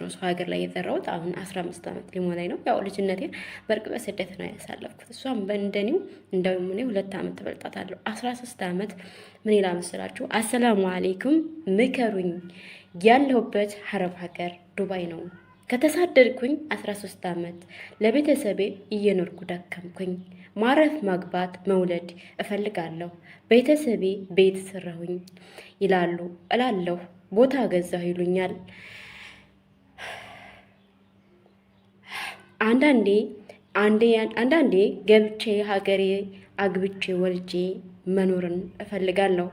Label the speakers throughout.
Speaker 1: ነው ሰው ሀገር ላይ የዘራሁት አሁን አስራ አምስት ዓመት ሊሞላኝ ነው። ያው ልጅነቴን በርቅ በስደት ነው ያሳለፍኩት። እሷም በእንደኒው እንደውም እኔ ሁለት ዓመት ትበልጣታለሁ። አስራ ሶስት ዓመት ምን ይላል መስላችሁ? አሰላሙ አሌይኩም ምከሩኝ። ያለሁበት ሀረብ ሀገር ዱባይ ነው። ከተሳደድኩኝ አስራ ሶስት ዓመት ለቤተሰቤ እየኖርኩ ደከምኩኝ ማረፍ፣ ማግባት፣ መውለድ እፈልጋለሁ። ቤተሰቤ ቤት ስረሁኝ ይላሉ እላለሁ ቦታ ገዛሁ ይሉኛል። አንዳንዴ አንዳንዴ ገብቼ ሀገሬ አግብቼ ወልጄ መኖርን እፈልጋለሁ።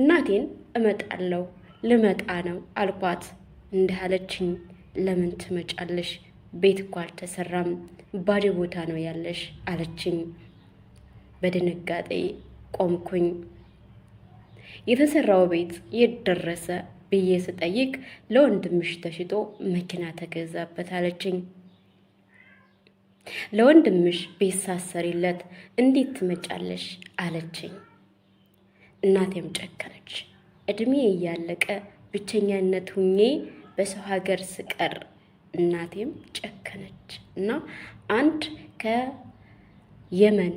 Speaker 1: እናቴን እመጣለሁ ልመጣ ነው አልኳት። እንዲህ አለችኝ፣ ለምን ትመጫለሽ? ቤት እኮ አልተሰራም፣ ባዶ ቦታ ነው ያለሽ አለችኝ። በድንጋጤ ቆምኩኝ። የተሰራው ቤት የት ደረሰ ብዬ ስጠይቅ ለወንድምሽ ተሽጦ መኪና ተገዛበት አለችኝ። ለወንድምሽ ቤት ሳሰሪለት እንዴት ትመጫለሽ አለችኝ። እናቴም ጨከነች። እድሜ እያለቀ ብቸኛነት ሁኜ በሰው ሀገር ስቀር እናቴም ጨከነች እና አንድ ከየመን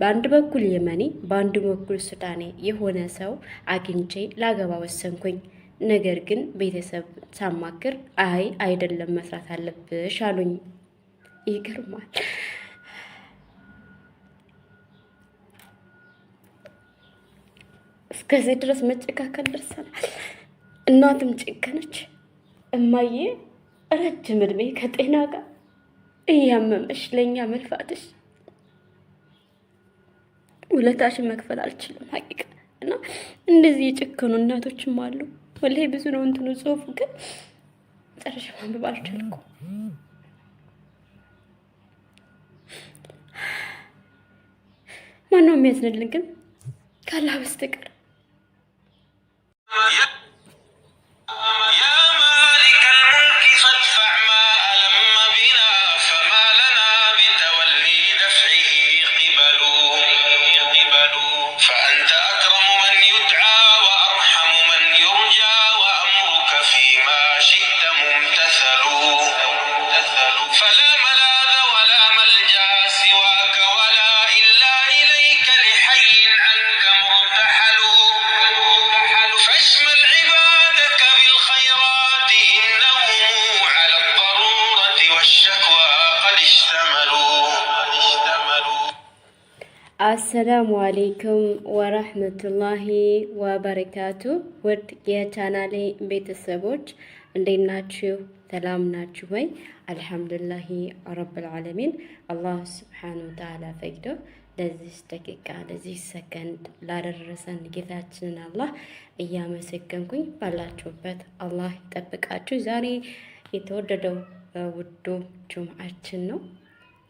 Speaker 1: በአንድ በኩል የመኔ በአንድ በኩል ሱዳኔ የሆነ ሰው አግኝቼ ላገባ ወሰንኩኝ። ነገር ግን ቤተሰብ ሳማክር አይ አይደለም መስራት አለብሽ አሉኝ። ይገርማል። እስከዚህ ድረስ መጨካከል ደርሰናል። እናትም ጨከነች። እማዬ ረጅም እድሜ ከጤና ጋር እያመመሽ ለእኛ መልፋትሽ ውለታሽን መክፈል አልችልም። ሀቂቃ እና እንደዚህ የጨከኑ እናቶችም አሉ። ወላሂ ብዙ ነው እንትኑ ጽሁፉ ግን መጨረሻ ማንበብ አልቻልኩም። ማነው የሚያዝንልን ግን ካላ በስተቀር?
Speaker 2: አሰላሙ አሌይኩም ወረህመቱላሂ ወበረካቱ። ውድ የቻናሌ ቤተሰቦች እንዴት ናችሁ? ሰላም ናችሁ ወይ? ረብል ረብልዓለሚን አላህ ስብሓነ ወተዓላ ፈቅዶ ለዚህ ደቂቃ ለዚህ ሰከንድ ላደረሰን ጌታችንን አላህ እያመሰገንኩኝ ባላችሁበት አላህ ይጠብቃችሁ። ዛሬ የተወደደው ውዱ ጁምዓችን ነው።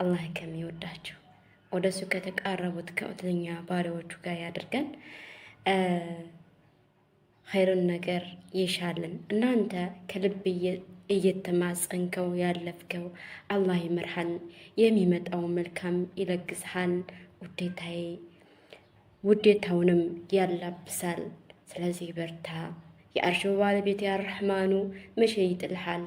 Speaker 2: አላህ ከሚወዳችሁ ወደሱ ከተቃረቡት ከእውነተኛ ባሪያዎቹ ጋር ያድርገን። ኸይሩን ነገር ይሻልን። እናንተ ከልብ እየተማጸንከው ያለፍከው አላህ ይምርሃል። የሚመጣው መልካም ይለግስሃል፣ ውዴታዬ ውዴታውንም ያላብሳል። ስለዚህ በርታ። የአርሹ ባለቤት ያርህማኑ መቼ ይጥልሃል?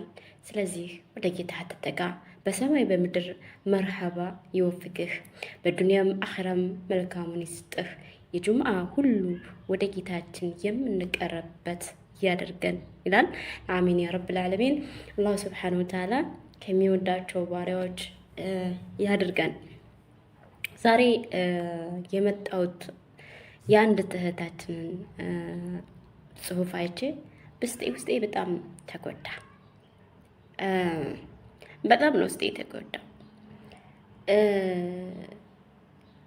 Speaker 2: ስለዚህ ወደ ጌታ ተጠጋ። በሰማይ በምድር መርሃባ ይወፍቅህ፣ በዱንያም አኸራም መልካሙን ይስጥህ። የጁምአ ሁሉ ወደ ጌታችን የምንቀረበት ያደርገን ይላል። አሚን ያ ረብ ልዓለሚን። አላሁ ስብሓን ወተዓላ ከሚወዳቸው ባሪያዎች ያድርገን። ዛሬ የመጣሁት የአንድ እህታችንን ጽሑፍ አይቼ ውስጤ ውስጤ በጣም ተጎዳ። በጣም ነው ውስጤ የተጎዳው።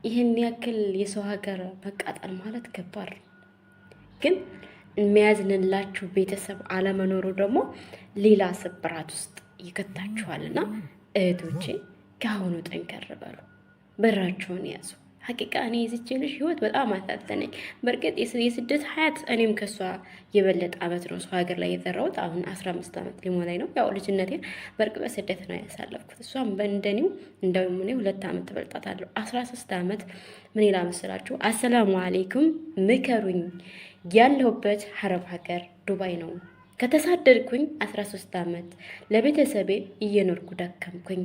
Speaker 2: ይህን ያክል የሰው ሀገር መቃጠል ማለት ከባድ ነው። ግን የሚያዝንላችሁ ቤተሰብ አለመኖሩ ደግሞ ሌላ ስብራት ውስጥ ይከታችኋልና እህቶቼ ከአሁኑ ጠንከር በሉ፣ በራችሁን ያዙ። ሀቂቃ እኔ የዚች ልጅ ህይወት በጣም አሳዘነኝ። በእርግጥ የስደት ሀያት እኔም ከሷ የበለጠ አመት ነው ሰው ሀገር ላይ የዘራሁት አሁን አስራ አምስት አመት ሊሞላኝ ነው። ያው ልጅነቴን በእርግጥ በስደት ነው ያሳለፍኩት። እሷም በእንደኔው እንደውም እኔ ሁለት አመት ትበልጣታለሁ። አስራ ሶስት አመት ምን ይላ መስላችሁ? አሰላሙ አሌይኩም ምከሩኝ። ያለሁበት ሀረብ ሀገር ዱባይ ነው። ከተሳደድኩኝ 13 አመት ለቤተሰቤ እየኖርኩ ደከምኩኝ።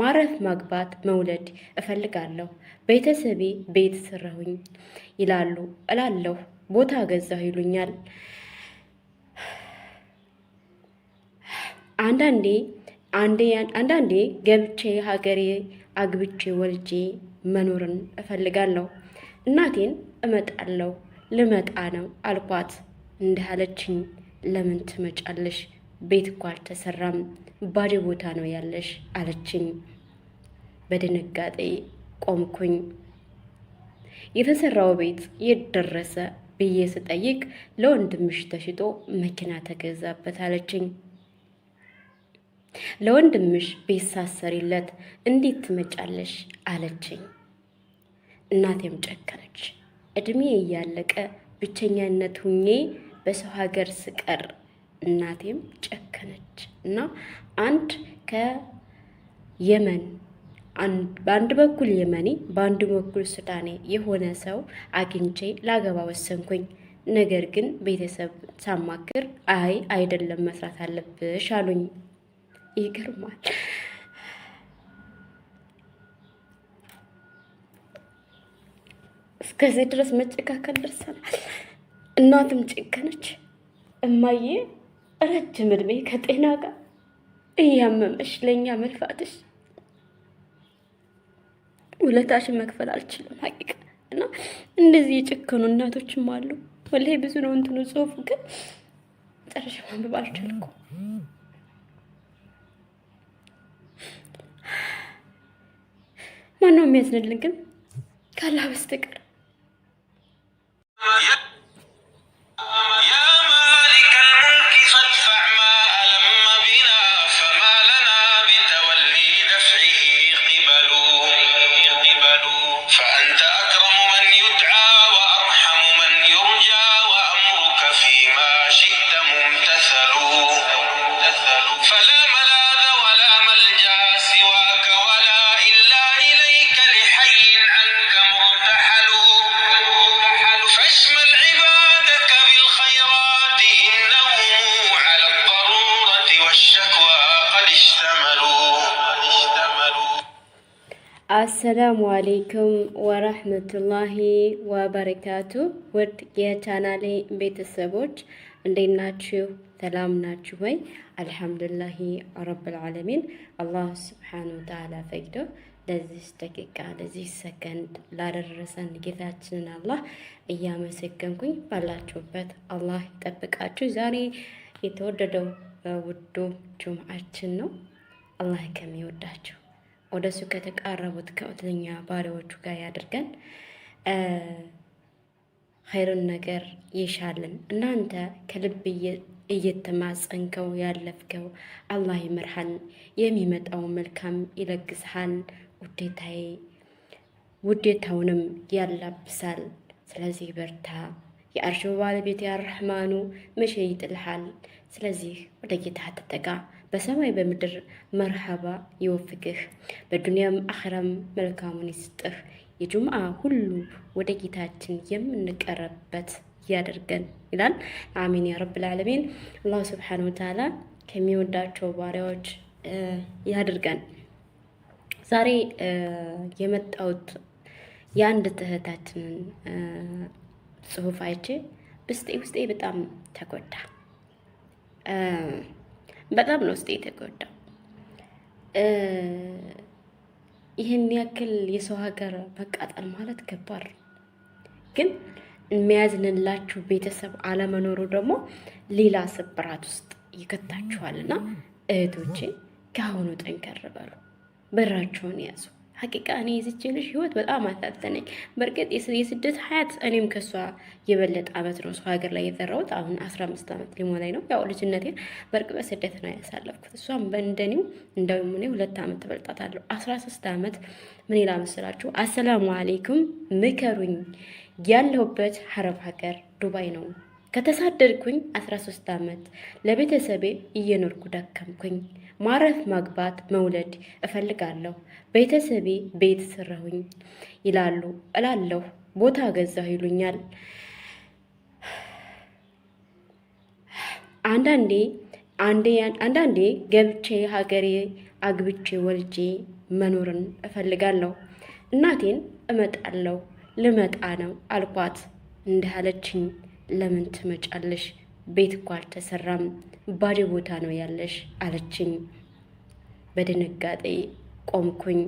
Speaker 2: ማረፍ፣ ማግባት፣ መውለድ እፈልጋለሁ። ቤተሰቤ ቤት ሰራሁኝ ይላሉ እላለሁ። ቦታ ገዛሁ ይሉኛል። አንዳንዴ አንዳንዴ ገብቼ ሀገሬ አግብቼ ወልጄ መኖርን እፈልጋለሁ። እናቴን እመጣለሁ ልመጣ ነው አልኳት። እንዳለችኝ ለምን ትመጫለሽ? ቤት እኮ አልተሰራም ባዶ ቦታ ነው ያለሽ አለችኝ በድንጋጤ ቆምኩኝ። የተሰራው ቤት የት ደረሰ ብዬ ስጠይቅ ለወንድምሽ ተሽጦ መኪና ተገዛበት አለችኝ። ለወንድምሽ ቤት ሳሰሪለት እንዴት ትመጫለሽ አለችኝ። እናቴም ጨከነች። እድሜ እያለቀ ብቸኛነት ሁኜ በሰው ሀገር ስቀር እናቴም ጨከነች እና አንድ ከየመን በአንድ በኩል የመኔ በአንድ በኩል ሱዳኔ የሆነ ሰው አግኝቼ ላገባ ወሰንኩኝ። ነገር ግን ቤተሰብ ሳማክር አይ አይደለም መስራት አለብሽ አሉኝ። ይገርማል።
Speaker 1: እስከዚህ ድረስ መጨካከል ደርሰናል። እናትም ጭከነች። እማዬ ረጅም እድሜ ከጤና ጋር እያመመሽ ለእኛ መልፋትሽ ውለታሽን መክፈል አልችልም ሀቂቅ እና እንደዚህ የጨከኑ እናቶችም አሉ። ወላይ ብዙ ነው እንትኑ ጽሁፉ ግን ጨረሻ ማንበብ አልቻልኩ። ማነው የሚያዝንልን ግን ካላ በስተቀር?
Speaker 2: አሰላሙ አሌይኩም ወረህመቱላሂ ወበረካቱ። ውድ የቻናሌ ቤተሰቦች እንዴት ናችሁ? ሰላም ናችሁ ወይ? አልሐምዱላሂ ረብል ዓለሚን አላህ ስብሓን ወተዓላ ፈቅዶ ለዚህ ደቂቃ ለዚህ ሰከንድ ላደረሰን ጌታችንን አላህ እያመሰገንኩኝ ባላችሁበት አላህ ይጠብቃችሁ። ዛሬ የተወደደው ውዱ ጁምዓችን ነው። አላህ ከሚወዳችሁ ወደሱ ከተቃረቡት ከእውነተኛ ባሪያዎቹ ጋር ያድርገን። ኸይሩን ነገር ይሻልን። እናንተ ከልብ እየተማጸንከው ያለፍከው አላህ ይመርሃል የሚመጣው መልካም ይለግስሃል። ውዴታዬ ውዴታውንም ያላብሳል። ስለዚህ በርታ፣ የአርሽ ባለቤት ያርህማኑ መቼ ይጥልሃል። ስለዚህ ወደ ጌታ ተጠጋ። በሰማይ በምድር መርሃባ ይወፍቅህ፣ በዱንያም አኸራም መልካሙን ይስጥህ። የጁምአ ሁሉ ወደ ጌታችን የምንቀረበት ያደርገን ይላል። አሚን ያ ረብል ዓለሚን። አላሁ ስብሓን ወተዓላ ከሚወዳቸው ባሪያዎች ያድርገን። ዛሬ የመጣሁት የአንድ እህታችንን ጽሁፍ አይቼ ውስጤ ውስጤ በጣም ተጎዳ። በጣም ነው ውስጤ ተጎዳ። ይህን ያክል የሰው ሀገር መቃጠል ማለት ከባድ ግን የሚያዝንላችሁ ቤተሰብ አለመኖሩ ደግሞ ሌላ ስብራት ውስጥ ይከታችኋልና እህቶቼ ከአሁኑ ጠንከር በሉ። በራቸውን ያዙ። ሀቂቃ እኔ የዚች ህይወት በጣም አሳዘነኝ። በእርግጥ የስደት ሀያት እኔም ከሷ የበለጠ አመት ነው ሰው ሀገር ላይ የጠራሁት አሁን አስራ አምስት ዓመት ሊሞላኝ ነው። ያው ልጅነቴን በእርግጥ በስደት ነው ያሳለፍኩት። እሷም በእንደኔው እንደውም እኔ ሁለት ዓመት ትበልጣታለሁ። አስራ ሶስት ዓመት ምን ይላ መስላችሁ? አሰላሙ አሌይኩም ምከሩኝ። ያለሁበት ሀረብ ሀገር ዱባይ ነው። ከተሳደድኩኝ አስራ ሶስት ዓመት ለቤተሰቤ እየኖርኩ ዳከምኩኝ። ማረፍ፣ ማግባት፣ መውለድ እፈልጋለሁ። ቤተሰቤ ቤት ስራሁኝ ይላሉ እላለሁ። ቦታ ገዛሁ ይሉኛል። አንዳንዴ አንዳንዴ ገብቼ ሀገሬ አግብቼ ወልጄ መኖርን እፈልጋለሁ። እናቴን እመጣለሁ ልመጣ ነው አልኳት። እንዳለችኝ ለምን ትመጫለሽ? ቤት እኮ አልተሰራም ባዶ ቦታ ነው ያለሽ አለችኝ። በድንጋጤ ቆምኩኝ።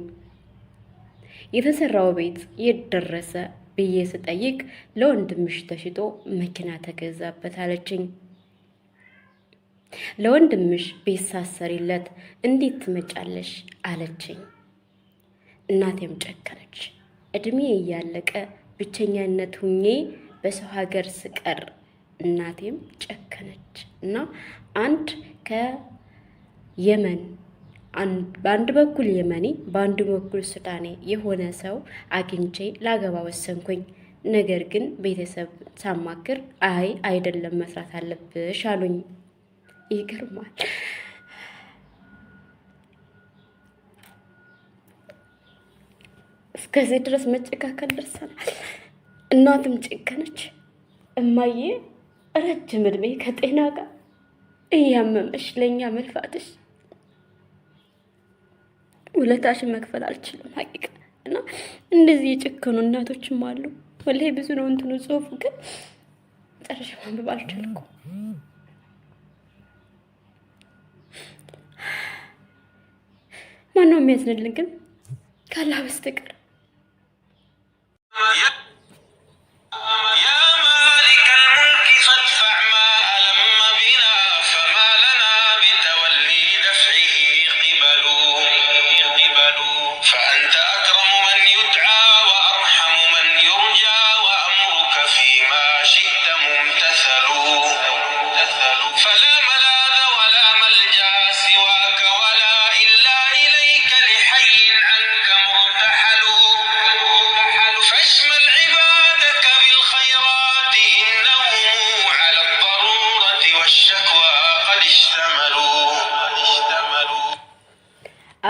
Speaker 2: የተሰራው ቤት የደረሰ ብዬ ስጠይቅ ለወንድምሽ ተሽጦ መኪና ተገዛበት አለችኝ። ለወንድምሽ ቤት ሳሰሪለት እንዴት ትመጫለሽ አለችኝ። እናቴም ጨከነች። እድሜ እያለቀ ብቸኛነት ሁኜ በሰው ሀገር ስቀር እናቴም ጨከነች እና አንድ ከየመን በአንድ በኩል የመኒ በአንድ በኩል ሱዳኔ የሆነ ሰው አግኝቼ ላገባ ወሰንኩኝ። ነገር ግን ቤተሰብ ሳማክር አይ አይደለም መስራት አለብሽ አሉኝ። ይገርማል።
Speaker 1: እስከዚህ ድረስ መጨካከል ደርሰናል። እናትም ጭከነች። እማዬ ረጅም እድሜ ከጤና ጋር እያመመሽ ለእኛ መልፋትሽ ውለታሽን መክፈል አልችልም ሀቂቃ እና እንደዚህ የጨከኑ እናቶችም አሉ። ወላሂ ብዙ ነው እንትኑ ጽሁፉ ግን ጨረሻ ማንበብ አልቻልኩም። ማነው የሚያዝንልን ግን ካላ በስተቀር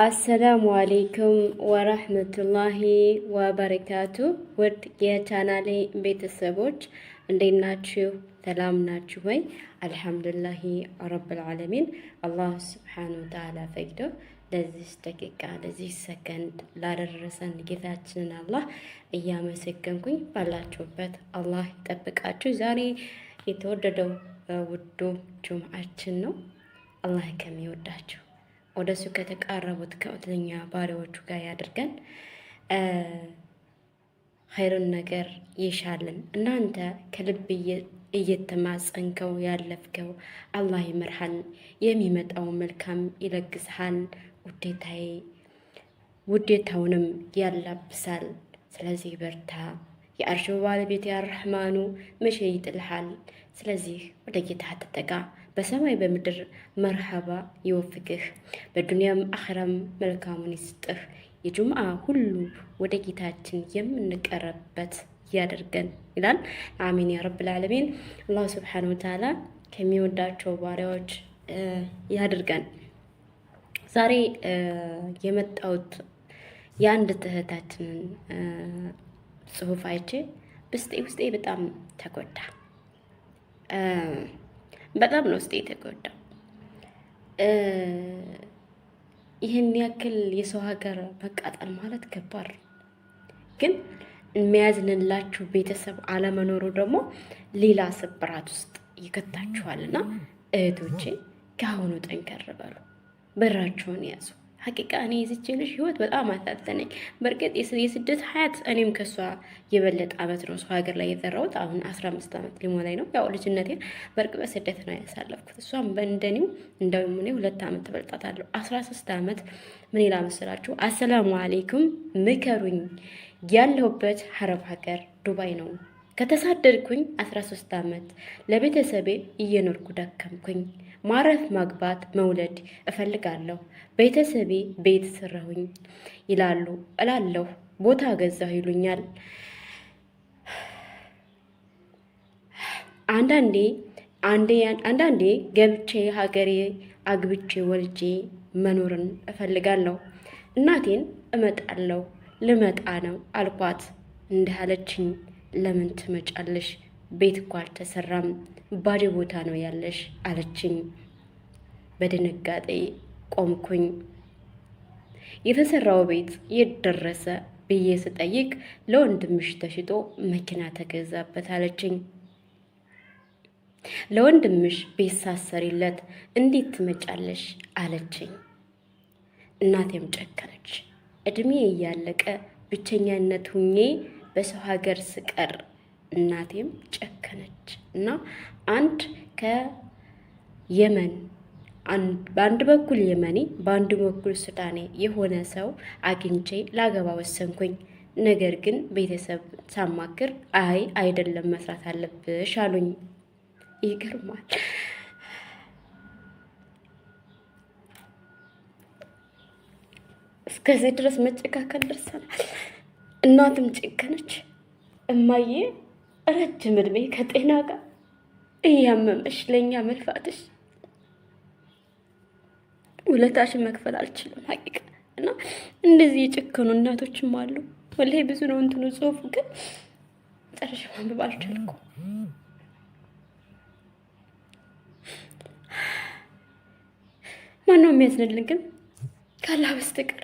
Speaker 2: አሰላሙ አሌይኩም ወረህመቱላሂ ወበረካቱ ውድ የቻናሌ ቤተሰቦች እንዴት ናችሁ? ሰላም ናችሁ ወይ? አልሐምዱላሂ ዓለሚን። አላህ ስብሓን ወተዓላ ፈቅዶ ለዚህ ደቂቃ ለዚህ ሰከንድ ላደረሰን ጌታችንን አላህ እያመሰገንኩኝ ባላችሁበት አላህ ይጠብቃችሁ። ዛሬ የተወደደው ውዱ ጁምዓችን ነው። አላህ ከሚወዳችሁ ወደሱ ከተቃረቡት ከእውነተኛ ባሪያዎቹ ጋር ያድርገን። ኸይሩን ነገር ይሻልን። እናንተ ከልብ እየተማጸንከው ያለፍከው አላህ ይመርሃል፣ የሚመጣው መልካም ይለግስሃል፣ ውዴታዬ ውዴታውንም ያላብሳል። ስለዚህ በርታ። የአርሹ ባለቤት ያረሕማኑ መቼ ይጥልሃል። ስለዚህ ወደ ጌታ ተጠጋ። በሰማይ በምድር መርሃባ ይወፍቅህ። በዱንያም አኸራም መልካሙን ይስጥህ። የጁምአ ሁሉ ወደ ጌታችን የምንቀረበት ያደርገን ይላል። አሚን ያ ረብ ዓለሚን። አላህ ስብሓን ወተዓላ ከሚወዳቸው ባሪያዎች ያድርገን። ዛሬ የመጣሁት የአንድ እህታችንን ጽሁፍ አይቼ ውስጤ በጣም ተጎዳ። በጣም ነው ውስጤ የተጎዳው። ይህን ያክል የሰው ሀገር መቃጠል ማለት ከባድ ግን የሚያዝንላችሁ ቤተሰብ አለመኖሩ ደግሞ ሌላ ስብራት ውስጥ ይከታችኋልና እህቶቼ ከአሁኑ ጠንከር በሉ፣ በራችሁን ያዙ። ሀቂቃ እኔ የዚች ህይወት በጣም አሳዘነኝ። በእርግጥ የስደት ሀያት እኔም ከሷ የበለጠ አመት ነው ሰው ሀገር ላይ የዘራሁት አሁን አስራ አምስት አመት ሊሞላኝ ነው። ያው ልጅነቴን በእርግጥ በስደት ነው ያሳለፍኩት። እሷም በእንደኒው እንደውም እኔ ሁለት አመት ትበልጣታለሁ። አስራ ሶስት አመት ምን ይላ መሰላችሁ? አሰላሙ አሌይኩም ምከሩኝ። ያለሁበት ሀረብ ሀገር ዱባይ ነው። ከተሳደድኩኝ አስራ ሶስት አመት ለቤተሰቤ እየኖርኩ ዳከምኩኝ። ማረፍ፣ ማግባት፣ መውለድ እፈልጋለሁ። ቤተሰቤ ቤት ስረሁኝ ይላሉ እላለሁ። ቦታ ገዛሁ ይሉኛል። አንዳንዴ አንዳንዴ ገብቼ ሀገሬ አግብቼ ወልጄ መኖርን እፈልጋለሁ። እናቴን እመጣለሁ ልመጣ ነው አልኳት። እንዳለችኝ ለምን ትመጫለሽ ቤት እኮ አልተሰራም፣ ባዶ ቦታ ነው ያለሽ አለችኝ። በድንጋጤ ቆምኩኝ። የተሰራው ቤት የት ደረሰ ብዬ ስጠይቅ ለወንድምሽ ተሽጦ መኪና ተገዛበት አለችኝ። ለወንድምሽ ቤት ሳሰሪለት እንዴት ትመጫለሽ አለችኝ። እናቴም ጨከነች። እድሜ እያለቀ ብቸኛነት ሁኜ በሰው ሀገር ስቀር እናቴም ጨከነች እና አንድ ከየመን በአንድ በኩል የመኔ በአንድ በኩል ሱዳኔ የሆነ ሰው አግኝቼ ላገባ ወሰንኩኝ። ነገር ግን ቤተሰብ ሳማክር አይ አይደለም መስራት አለብሽ አሉኝ። ይገርማል።
Speaker 1: እስከዚህ ድረስ መጨካከል ደርሰናል። እናትም ጨከነች። እማዬ ረጅም እድሜ ከጤና ጋር እያመመሽ ለእኛ መልፋትሽ ውለታሽን መክፈል አልችልም። ሀቂቃ እና እንደዚህ የጨከኑ እናቶችም አሉ። ወላሂ ብዙ ነው እንትኑ ጽሁፉ ግን ጨረሽ ማንበብ አልቻልኩም። ማነው የሚያዝንልን ግን ካላህ በስተቀር?